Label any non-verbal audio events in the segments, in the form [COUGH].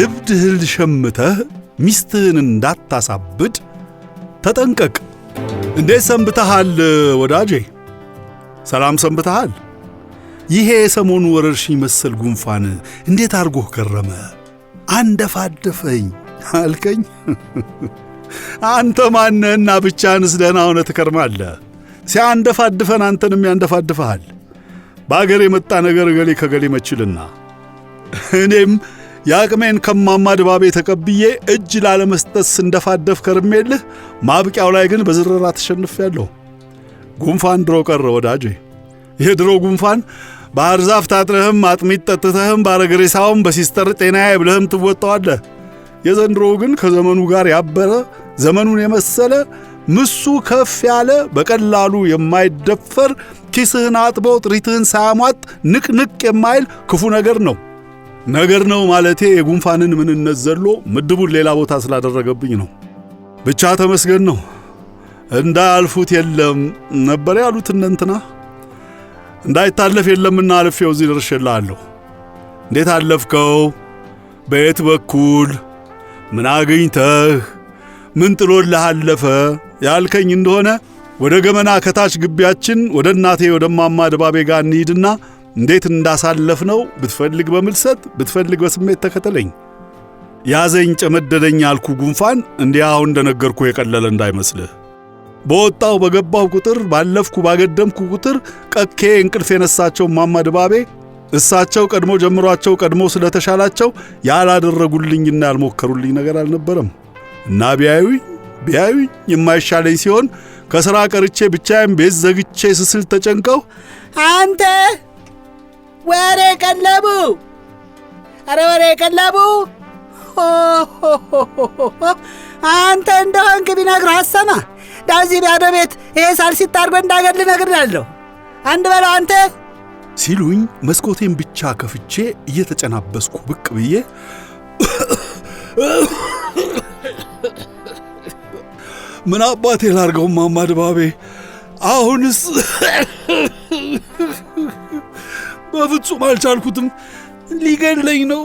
እብድ እህል ሸምተህ ሚስትህን እንዳታሳብድ ተጠንቀቅ። እንዴት ሰንብተሃል ወዳጄ? ሰላም ሰንብተሃል? ይሄ የሰሞኑ ወረርሽኝ መሰል ጉንፋን እንዴት አድርጎህ ከረመ? አንደፋደፈኝ አልከኝ። አንተ ማነህና ብቻህንስ ደህና ሆነህ ትከርማለህ? ሲያንደፋድፈን አንተንም ያንደፋድፈሃል። በአገር የመጣ ነገር እገሌ ከገሌ መችልና እኔም የአቅሜን ከማማ ድባቤ ተቀብዬ እጅ ላለመስጠት ስንደፋደፍ ከርሜልህ፣ ማብቂያው ላይ ግን በዝረራ ተሸንፌያለሁ። ጉንፋን ድሮ ቀረ ወዳጄ። የድሮ ጉንፋን ባህር ዛፍ ታጥረህም አጥሚት ጠጥተህም ባረግሬሳውም በሲስተር ጤናዬ ብለህም ትወጣዋለህ። የዘንድሮው ግን ከዘመኑ ጋር ያበረ ዘመኑን የመሰለ ምሱ ከፍ ያለ በቀላሉ የማይደፈር ኪስህን አጥበው ጥሪትህን ሳያሟጥ ንቅንቅ የማይል ክፉ ነገር ነው። ነገር ነው ማለቴ የጉንፋንን ምንነት ዘሎ ምድቡን ሌላ ቦታ ስላደረገብኝ ነው። ብቻ ተመስገን ነው እንዳያልፉት የለም ነበር ያሉት እነንትና እንዳይታለፍ የለምና አልፌው እዚህ ደርሼልሃለሁ። እንዴት አለፍከው? በየት በኩል? ምን አግኝተህ? ምን ጥሎልህ አለፈ? ያልከኝ እንደሆነ ወደ ገመና ከታች ግቢያችን ወደ እናቴ ወደ እማማ ድባቤ ጋር እንሂድና እንዴት እንዳሳለፍ ነው። ብትፈልግ በምልሰት ብትፈልግ በስሜት ተከተለኝ። ያዘኝ ጨመደደኝ አልኩ ጉንፋን እንዲያው እንደነገርኩ የቀለለ እንዳይመስልህ። በወጣው በገባው ቁጥር ባለፍኩ ባገደምኩ ቁጥር ቀኬ እንቅልፍ የነሳቸው ማማ ድባቤ እሳቸው ቀድሞ ጀምሯቸው ቀድሞ ስለተሻላቸው ያላደረጉልኝና ያልሞከሩልኝ ነገር አልነበረም እና ቢያዩኝ ቢያዩኝ የማይሻለኝ ሲሆን ከሥራ ቀርቼ ብቻዬን ቤት ዘግቼ ስስል ተጨንቀው አንተ ወሬ ቀለቡ! አረ ወሬ ቀለቡ! አንተ እንደሆንክ ቢነግርህ አሰማ ዳዚህ ባዶ ቤት ይሄ ሳልሲት አድርጎ እንዳገል እነግርሃለሁ። አንድ በለው አንተ ሲሉኝ መስኮቴን ብቻ ከፍቼ እየተጨናበስኩ ብቅ ብዬ ምን አባቴ ላርገው ማማ ድባቤ አሁንስ በፍጹም አልቻልኩትም፣ ሊገድለኝ ነው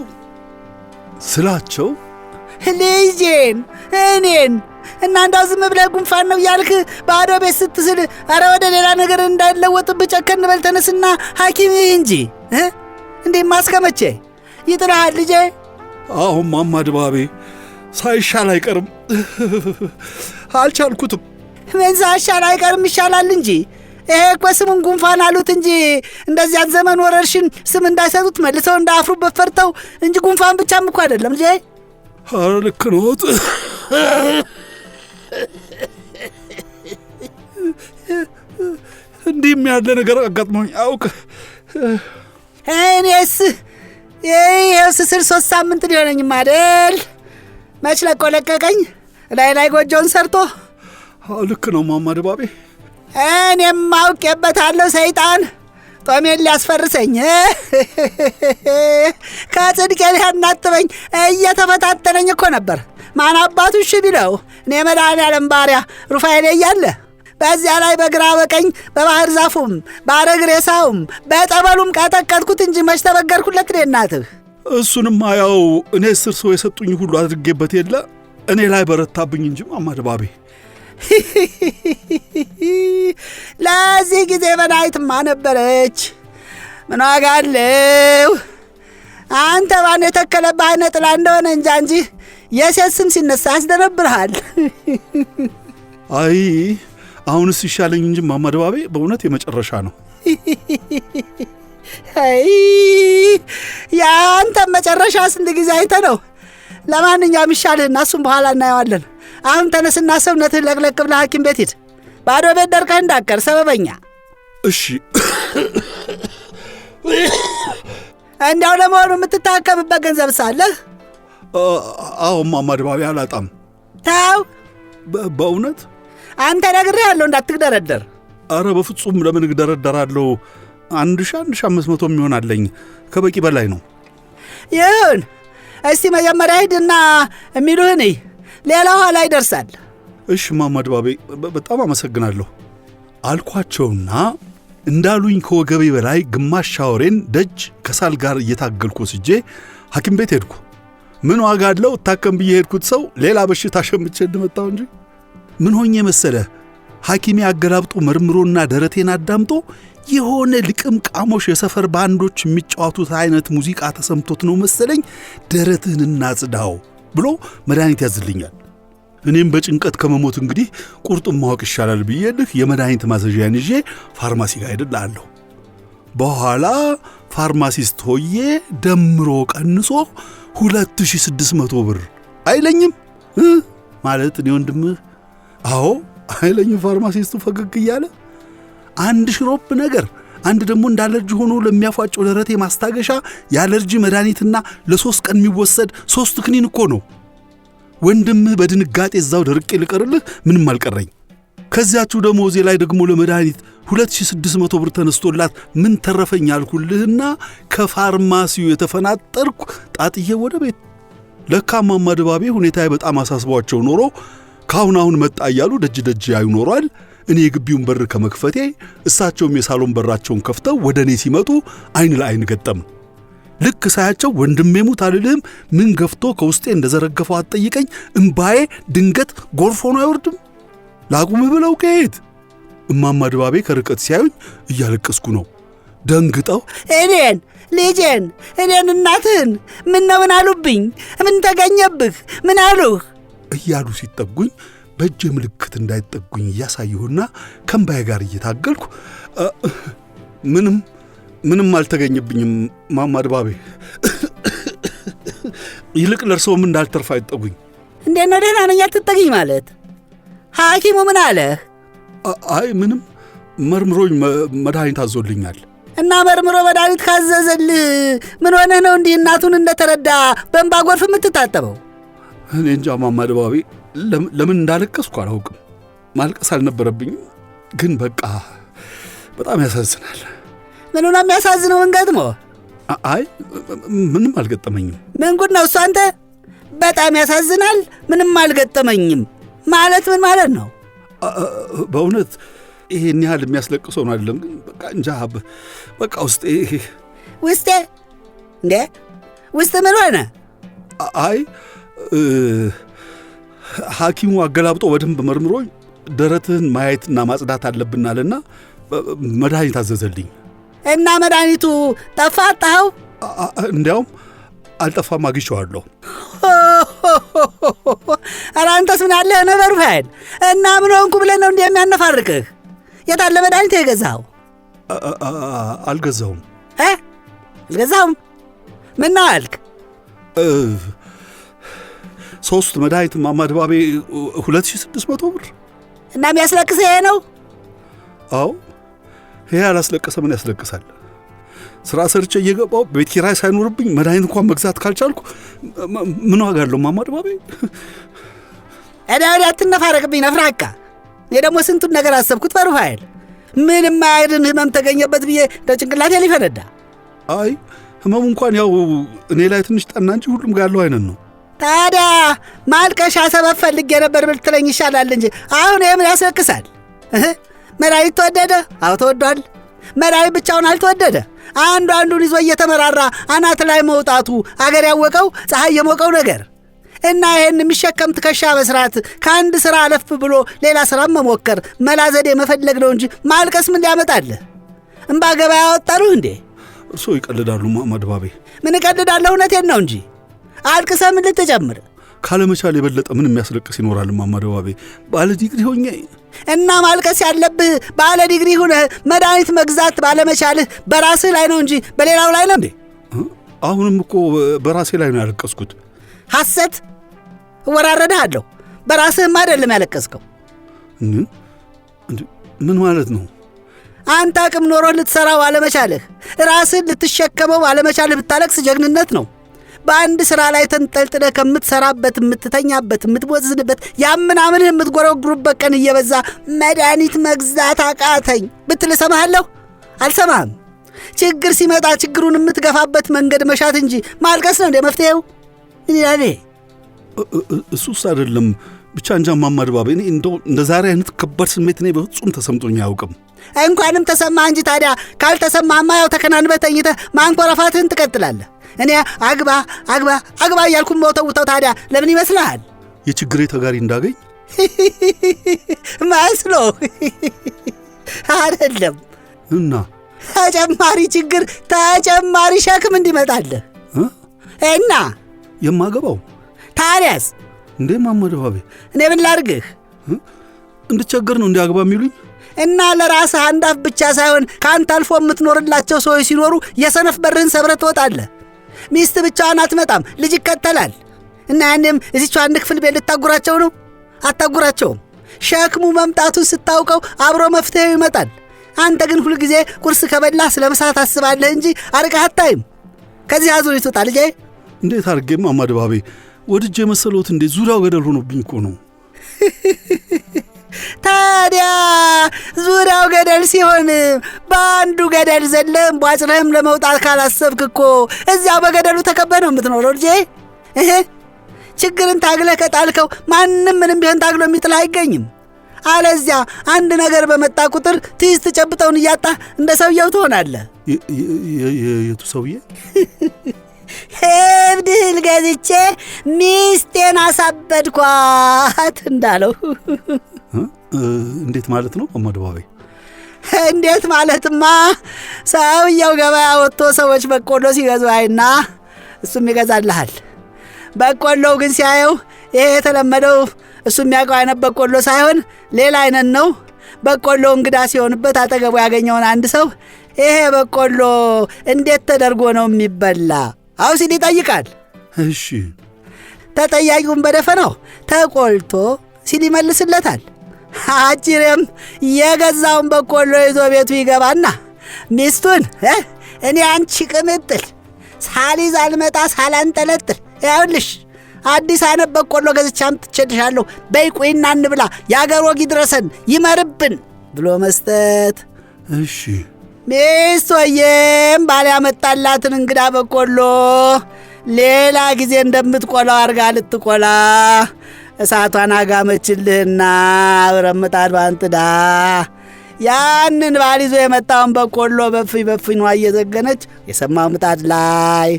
ስላቸው ልጄን እኔን እና ዝም ብለህ ጉንፋን ነው ያልክ ባዶ ቤት ስትስል፣ አረ ወደ ሌላ ነገር እንዳይለወጥብህ ጨከን በል ተነስና ሐኪም እንጂ እንዴ ማስከመቼ መቼ ይጥልሃል ልጄ? አሁን ማማ ድባቤ ሳይሻል አይቀርም። አልቻልኩትም። ምን ሳይሻል አይቀርም ይሻላል እንጂ ይሄ እኮ ስሙን ጉንፋን አሉት እንጂ እንደዚያን ዘመን ወረርሽን ስም እንዳይሰጡት መልሰው እንዳያፍሩበት ፈርተው እንጂ ጉንፋን ብቻም እኮ አይደለም ልጄ። ኧረ ልክ ነዎት። እንዲህም ያለ ነገር አጋጥሞኝ አውቅ። እኔስ ይኸው ስስር ሶስት ሳምንት ሊሆነኝም አይደል? መች ለቆ ለቀቀኝ ላይ ላይ ጎጆውን ሰርቶ። ልክ ነው ማማ ድባቤ እኔም አውቄበታለሁ። ሰይጣን ጦሜን ሊያስፈርሰኝ [LAUGHS] ከጽድቄ ሊያናጥበኝ እየተፈታተነኝ እኮ ነበር። ማን አባቱ እሺ ቢለው? እኔ መድኃኔዓለም ባሪያ ሩፋኤሌ እያለ በዚያ ላይ በግራ በቀኝ በባህር ዛፉም ባረግ ሬሳውም በጠበሉም ቀጠቀጥኩት እንጂ መች ተበገርኩለት? እኔ እናትህ እሱንም አያው እኔ ስር ሰው የሰጡኝ ሁሉ አድርጌበት የለ እኔ ላይ በረታብኝ እንጂ ማማድባቤ [LAUGHS] ለዚህ ጊዜ በናይትማ ነበረች። ምን ዋጋ አለው? አንተ ባን የተከለብህ አይነ ጥላ እንደሆነ እንጃ እንጂ የሴት ስም ሲነሳ ያስደነብርሃል። [LAUGHS] አይ አሁንስ ይሻለኝ እንጂ ማማ ድባቤ በእውነት የመጨረሻ ነው። [LAUGHS] አይ የአንተ መጨረሻ ስንት ጊዜ አይተ ነው። ለማንኛውም ይሻልህና እሱም በኋላ እናየዋለን። አሁን ተነስና ሰውነትህ ለቅለቅ ብለህ ሐኪም ቤት ሂድ። ባዶ ቤት ደርቀህ እንዳቀር ሰበበኛ። እሺ። እንዲያው ለመሆኑ የምትታከምበት ገንዘብ ሳለህ? አዎ እማማ አላጣም። ተው። በእውነት አንተ ነግሬሃለሁ እንዳትግደረደር። አረ በፍጹም ለምን እግደረደራለሁ? አንድ ሺ አንድ ሺ አምስት መቶ የሚሆን አለኝ ከበቂ በላይ ነው። ይሁን። እስቲ መጀመሪያ ሂድና የሚሉህን ሌላ ኋላ ይደርሳል። እሽ እማማ ድባቤ በጣም አመሰግናለሁ አልኳቸውና እንዳሉኝ ከወገቤ በላይ ግማሽ ሻወሬን ደጅ ከሳል ጋር እየታገልኩ ስጄ ሐኪም ቤት ሄድኩ። ምን ዋጋ አለው እታከም ብዬ ሄድኩት ሰው ሌላ በሽታ ሸምቼ እንመጣው እንጂ ምን ሆኜ መሰለ ሐኪሜ አገላብጦ መርምሮና ደረቴን አዳምጦ የሆነ ልቅም ቃሞሽ የሰፈር ባንዶች የሚጫወቱት አይነት ሙዚቃ ተሰምቶት ነው መሰለኝ ደረትህንና ጽዳው ብሎ መድኃኒት ያዝልኛል። እኔም በጭንቀት ከመሞት እንግዲህ ቁርጡን ማወቅ ይሻላል ብዬልህ የመድኃኒት ማዘዣያን ይዤ ፋርማሲ ጋር አይደል በኋላ ፋርማሲስት ሆዬ ደምሮ ቀንሶ 2600 ብር አይለኝም ማለት እኔ ወንድምህ። አዎ አይለኝም ፋርማሲስቱ ፈገግ እያለ አንድ ሽሮፕ ነገር አንድ ደግሞ እንደ አለርጂ ሆኖ ለሚያፏጨው ደረቴ ማስታገሻ የአለርጂ መድኃኒትና ለሶስት ቀን የሚወሰድ ሶስት ክኒን እኮ ነው። ወንድምህ በድንጋጤ እዛው ደርቄ ልቀርልህ ምንም አልቀረኝ። ከዚያችሁ እዚህ ላይ ደግሞ ለመድኃኒት 2600 ብር ተነስቶላት ምን ተረፈኝ አልኩልህና ከፋርማሲው የተፈናጠርኩ ጣጥዬ ወደ ቤት። ለካማማ ድባቤ ሁኔታ በጣም አሳስቧቸው ኖሮ ከአሁን አሁን መጣ እያሉ ደጅ ደጅ ያዩ ኖሯል። እኔ የግቢውን በር ከመክፈቴ እሳቸውም የሳሎን በራቸውን ከፍተው ወደ እኔ ሲመጡ አይን ለአይን ገጠም። ልክ ሳያቸው ወንድሜ ሙት አልልህም፣ ምን ገፍቶ ከውስጤ እንደዘረገፈው አትጠይቀኝ። እምባዬ ድንገት ጎርፍ ሆኖ አይወርድም። ላቁም ብለው ከየት እማማ ድባቤ ከርቀት ሲያዩኝ እያለቀስኩ ነው። ደንግጠው እኔን ልጄን እኔን እናትህን ምን ነው ምን አሉብኝ? ምን ተገኘብህ? ምን አሉህ? እያሉ ሲጠጉኝ በእጄ ምልክት እንዳይጠጉኝ እያሳየሁና ከምባዬ ጋር እየታገልኩ ምንም ምንም አልተገኘብኝም። ማማ ድባቤ፣ ይልቅ ለእርስዎም እንዳልተርፍ አይጠጉኝ። እንዴት ነው? ደህና ነኝ። አትጠጊኝ ማለት ሐኪሙ ምን አለህ? አይ ምንም፣ መርምሮኝ መድኃኒት አዞልኛል። እና መርምሮ መድኃኒት ካዘዘልህ ምን ሆነህ ነው እንዲህ እናቱን እንደተረዳ በእንባ ጎርፍ የምትታጠበው? እኔ እንጃ ማማ ድባቤ፣ ለምን እንዳለቀስኩ አላውቅም። ማልቀስ አልነበረብኝም፣ ግን በቃ በጣም ያሳዝናል። ምኑን የሚያሳዝነው? ምን ገጥሞ? አይ ምንም አልገጠመኝም። ምን ጉድ ነው እሱ? አንተ በጣም ያሳዝናል። ምንም አልገጠመኝም ማለት ምን ማለት ነው? በእውነት ይሄን ያህል የሚያስለቅሰው ነው አይደለም፣ ግን በቃ እንጃ፣ በቃ ውስጤ ውስጤ እንዴ ውስጥ ምን ሆነ? አይ ሐኪሙ አገላብጦ በደንብ መርምሮ ደረትህን ማየትና ማጽዳት አለብን አለና መድኃኒት አዘዘልኝ። እና መድኃኒቱ ጠፋ አጣኸው? እንዲያውም አልጠፋም አግኝቼዋለሁ። [LAUGHS] ኧረ አንተስ ምን ያለህ ነበር ፋይል እና ምን ሆንኩ ብለን ነው እንዲህ የሚያነፋርቅህ? የታለ መድኃኒት የገዛኸው? አልገዛውም አልገዛሁም? ምን አልክ? ሶስት መድኃኒት ማማድባቤ 2600 ብር እና የሚያስለቅሰ ይሄ ነው። አዎ ይሄ ያላስለቀሰ ምን ያስለቅሳል? ስራ ሰርቼ እየገባው ቤት ኪራይ ሳይኖርብኝ መድኃኒት እንኳን መግዛት ካልቻልኩ ምን ዋጋ አለው? ማማድባቤ እዳ ወዳ አትነፋረቅብኝ ነፍራቃ። እኔ ደግሞ ስንቱን ነገር አሰብኩት። በሩፋኤል ምን አይድን ህመም ተገኘበት ብዬ ለጭንቅላቴ ሊፈነዳ አይ ህመሙ እንኳን ያው እኔ ላይ ትንሽ ጠና እንጂ ሁሉም ጋር ያለው አይነት ነው። ታዲያ ማልቀሻ ሰበብ ፈልጌ ነበር ብትለኝ ይሻላል እንጂ አሁን ይህ ምን ያስለቅሳል? መራዊት ተወደደ? አዎ ተወዷል። መራዊ ብቻውን አልተወደደ። አንዱ አንዱን ይዞ እየተመራራ አናት ላይ መውጣቱ አገር ያወቀው ፀሐይ የሞቀው ነገር እና ይህን የሚሸከም ትከሻ መስራት ከአንድ ሥራ አለፍ ብሎ ሌላ ሥራም መሞከር መላዘዴ መፈለግ ነው እንጂ ማልቀስ ምን ሊያመጣልህ? እምባ ገበያ ያወጣሉህ እንዴ? እርስዎ ይቀልዳሉ ማማ ድባቤ። ምን እቀልዳለሁ? እውነቴን ነው እንጂ አልቅሰ ምን ልትጨምር? ካለመቻል የበለጠ ምን የሚያስለቅስ ይኖራል? እማማ ደባቤ ባለ ዲግሪ ሆኜ እና ማልቀስ ያለብህ ባለ ዲግሪ ሁነህ መድኃኒት መግዛት ባለመቻልህ በራስህ ላይ ነው እንጂ በሌላው ላይ ነው እንዴ? አሁንም እኮ በራሴ ላይ ነው ያለቀስኩት። ሐሰት እወራረድህ አለሁ። በራስህም አይደለም ያለቀስከው። ምን ማለት ነው? አንተ አቅም ኖሮህ ልትሠራው አለመቻልህ፣ ራስህን ልትሸከመው አለመቻልህ ብታለቅስ ጀግንነት ነው። በአንድ ስራ ላይ ተንጠልጥለ ከምትሰራበት የምትተኛበት የምትወዝንበት ያምናምን የምትጎረጉሩበት ቀን እየበዛ መድኃኒት መግዛት አቃተኝ ብትል እሰማሃለሁ? አልሰማም ችግር ሲመጣ ችግሩን የምትገፋበት መንገድ መሻት እንጂ ማልቀስ ነው እንደ መፍትሄው። እኔ እሱስ አይደለም ብቻ እንጃ እማማ ድባቤ፣ እኔ እንደው እንደ ዛሬ አይነት ከባድ ስሜት እኔ በፍጹም ተሰምቶኝ አያውቅም። እንኳንም ተሰማ እንጂ ታዲያ ካልተሰማማ ያው ተከናንበህ ተኝተህ ማንኮራፋትህን ትቀጥላለህ። እኔ አግባ አግባ አግባ እያልኩም መውተውተው ታዲያ ለምን ይመስልሃል? የችግሬ ተጋሪ እንዳገኝ መስሎ አደለም እና ተጨማሪ ችግር ተጨማሪ ሸክም እንዲመጣልህ እና የማገባው ታዲያስ እንዴ ማመድ ባቤ፣ እኔ ምን ላድርግህ? እንድቸገር ነው እንዲያግባ የሚሉኝ እና ለራስህ አንዳፍ ብቻ ሳይሆን ከአንተ አልፎ የምትኖርላቸው ሰዎች ሲኖሩ የሰነፍ በርህን ሰብረህ ትወጣለህ። ሚስት ብቻዋን አትመጣም፣ ልጅ ይከተላል። እና ያኔም እዚች አንድ ክፍል ቤት ልታጉራቸው ነው? አታጉራቸውም። ሸክሙ መምጣቱን ስታውቀው አብሮ መፍትሄው ይመጣል። አንተ ግን ሁልጊዜ ቁርስ ከበላህ ስለ ምሳ ታስባለህ እንጂ አርቀህ አታይም። ከዚህ አዙሪት ውጣ ልጄ። እንዴት አድርጌም አማድባቤ ወድጄ መሰሎት እንዴ? ዙሪያው ገደል ሆኖብኝ እኮ ነው። [LAUGHS] ታዲያ ዙሪያው ገደል ሲሆን በአንዱ ገደል ዘለም ቧጭረህም ለመውጣት ካላሰብክ እኮ እዚያው በገደሉ ተከበህ ነው የምትኖረው ልጄ። ችግርን ታግለህ ከጣልከው ማንም ምንም ቢሆን ታግሎ የሚጥልህ አይገኝም። አለዚያ አንድ ነገር በመጣ ቁጥር ትይዝ ትጨብጠውን እያጣህ እንደ ሰውየው ትሆናለህ። የቱ ሰውዬ? [LAUGHS] ሄብድል ገዝቼ ሚስቴን አሳበድኳት እንዳለው። እንዴት ማለት ነው አማድባቤ? እንዴት ማለትማ ሰውየው ገበያ ወጥቶ ሰዎች በቆሎ ሲገዙ አይና እሱም ይገዛልሃል። በቆሎው ግን ሲያየው ይሄ የተለመደው እሱ የሚያውቀው አይነት በቆሎ ሳይሆን ሌላ አይነት ነው። በቆሎ እንግዳ ሲሆንበት አጠገቡ ያገኘውን አንድ ሰው ይሄ በቆሎ እንዴት ተደርጎ ነው የሚበላ አውሲድ ይጠይቃል። እሺ ተጠያቂውን በደፈናው ተቆልቶ ሲል ይመልስለታል። አጅሬም የገዛውን በቆሎ ይዞ ቤቱ ይገባና ሚስቱን እኔ አንቺ ቅምጥል ሳሊዝ አልመጣ ሳላንጠለጥል ያውልሽ አዲስ አይነት በቆሎ ገዝቼ አምጥቼልሻለሁ፣ በይ ቁይና እንብላ፣ የአገር ወግ ይድረሰን ይመርብን ብሎ መስጠት እሺ ሚስቶዬም ባል ያመጣላትን እንግዳ በቆሎ ሌላ ጊዜ እንደምትቆላው አርጋ ልትቆላ እሳቷን አጋመችልህና አብረን ምጣድ ያንን ባል ይዞ የመጣውን በቆሎ በፍኝ በፍኝ እየዘገነች የሰማው ምጣድ ላይ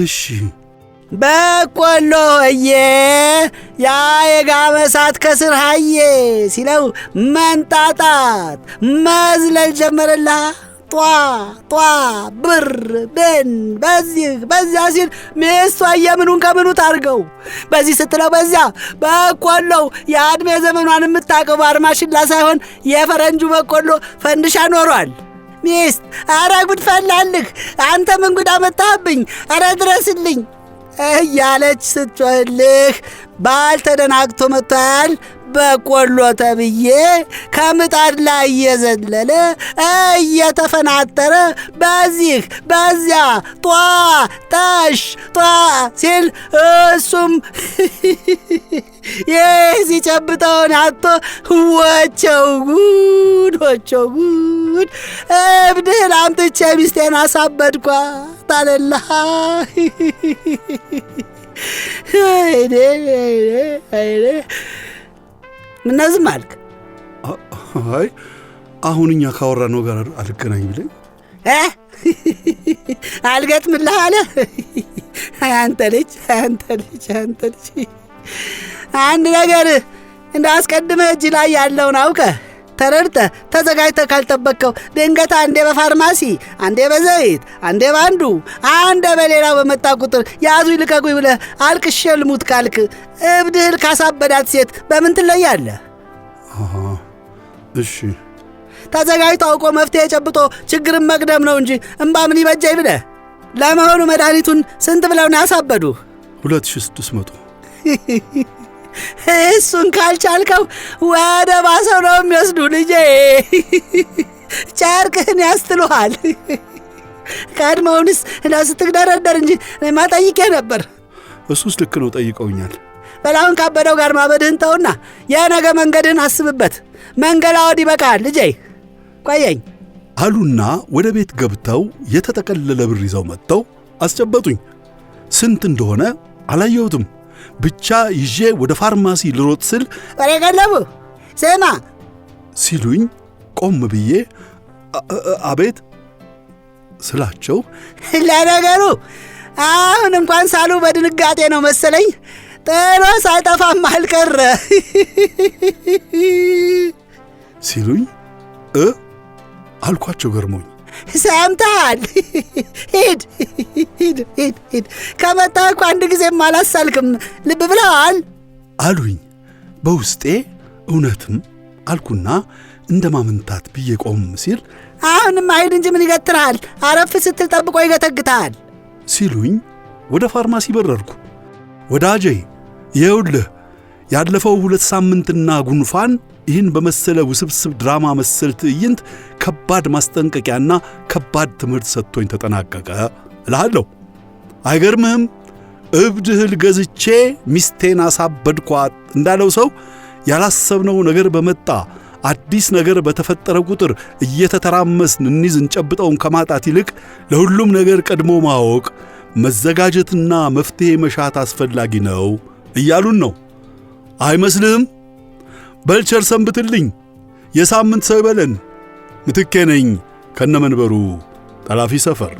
እሺ በቆሎ እዬ ያ የጋመ እሳት ከስር ሀዬ ሲለው መንጣጣት መዝለል ጀመረላ። ጧ ጧ ብር ብን በዚህ በዚያ ሲል ሚስቷ የምኑን ከምኑ ታርገው በዚህ ስትለው በዚያ በቆሎው የአድሜ ዘመኗን የምታቀቡ አድማሽላ ሳይሆን የፈረንጁ በቆሎ ፈንድሻ ኖሯል። ሚስት አረ ጉድ ፈላልህ! አንተ ምንጉዳ ጉድ አመጣህብኝ! አረ ድረስልኝ! እያለች ስትጮህልህ ባል ተደናግቶ መጥቷል። በቆሎ ተብዬ ከምጣድ ላይ እየዘለለ እየተፈናጠረ በዚህ በዚያ ጧ ጠሽ ጧ ሲል እሱም ይህ ሲጨብጠውን አቶ ወቸው ጉድ ወቸው ጉድ እብድህን አምጥቼ ሚስቴን አሳበድኳ አለላ። አይኔ አይኔ አይኔ ምና ዝም አልክ? አይ አሁን እኛ ካወራነው ጋር አልገናኝ ብለኝ አልገጥምልህ አለ። አንተ ልጅ አንተ ልጅ አንተ ልጅ አንድ ነገር እንደ አስቀድመ እጅ ላይ ያለውን አውቀህ ተረድተ ተዘጋጅተ ካልጠበቅከው ድንገት አንዴ በፋርማሲ አንዴ በዘይት አንዴ በአንዱ አንዴ በሌላው በመጣ ቁጥር ያዙኝ ልቀቁኝ ብለህ አልቅሼ ልሙት ካልክ እብድህል ካሳበዳት ሴት በምን ትለያለህ? እሺ ተዘጋጅቶ አውቆ መፍትሄ ጨብጦ ችግርን መቅደም ነው እንጂ እምባ ምን ይበጃኝ ብለህ ለመሆኑ መድኃኒቱን ስንት ብለውን ያሳበዱ? ሁለት ሺህ ስድስት መቶ [LAUGHS] እሱን ካልቻልከው ወደ ባሰው ነው የሚወስዱ። ልጄ ጨርቅህን ያስትሉሃል። ቀድመውንስ እንደው ስትግደረደር እንጂ እኔማ ጠይቄ ነበር። እሱስ ልክ ነው፣ ጠይቀውኛል። በላሁን ካበደው ጋር ማበድህን ተውና የነገ መንገድህን አስብበት። መንገላወድ ይበቃል ልጄ። ቆየኝ አሉና ወደ ቤት ገብተው የተጠቀለለ ብር ይዘው መጥተው አስጨበጡኝ። ስንት እንደሆነ አላየሁትም። ብቻ ይዤ ወደ ፋርማሲ ልሮጥ ስል ወሬ ገለቡ ስማ ሲሉኝ ቆም ብዬ አቤት ስላቸው ለነገሩ አሁን እንኳን ሳሉ በድንጋጤ ነው መሰለኝ ጥሎ ሳይጠፋም አልቀረ ሲሉኝ እ አልኳቸው ገርሞኝ ሰምተሃል? ሂድ ሂድ ሂድ ሂድ። ከመጣህ እኮ አንድ ጊዜም አላሳልክም። ልብ ብለሃል አሉኝ። በውስጤ እውነትም አልኩና እንደ ማመንታት ብዬ ቆም ሲል አሁንም አይድ እንጂ ምን ይገትርሃል? አረፍ ስትል ጠብቆ ይገተግታል ሲሉኝ ወደ ፋርማሲ በረርኩ። ወዳጄ ይኸውልህ ያለፈው ሁለት ሳምንትና ጉንፋን ይህን በመሰለ ውስብስብ ድራማ መሰል ትዕይንት ከባድ ማስጠንቀቂያና ከባድ ትምህርት ሰጥቶኝ ተጠናቀቀ እልሃለሁ። አይገርምህም? እብድ እህል ገዝቼ ሚስቴን አሳበድኳት እንዳለው ሰው ያላሰብነው ነገር በመጣ አዲስ ነገር በተፈጠረ ቁጥር እየተተራመስን እንይዝ እንጨብጠውን ከማጣት ይልቅ ለሁሉም ነገር ቀድሞ ማወቅ መዘጋጀትና መፍትሔ መሻት አስፈላጊ ነው እያሉን ነው። አይመስልህም? በልቸር ሰንብትልኝ፣ የሳምንት ሰው ይበለን። ምትኬ ነኝ ከነመንበሩ ጠላፊ ሰፈር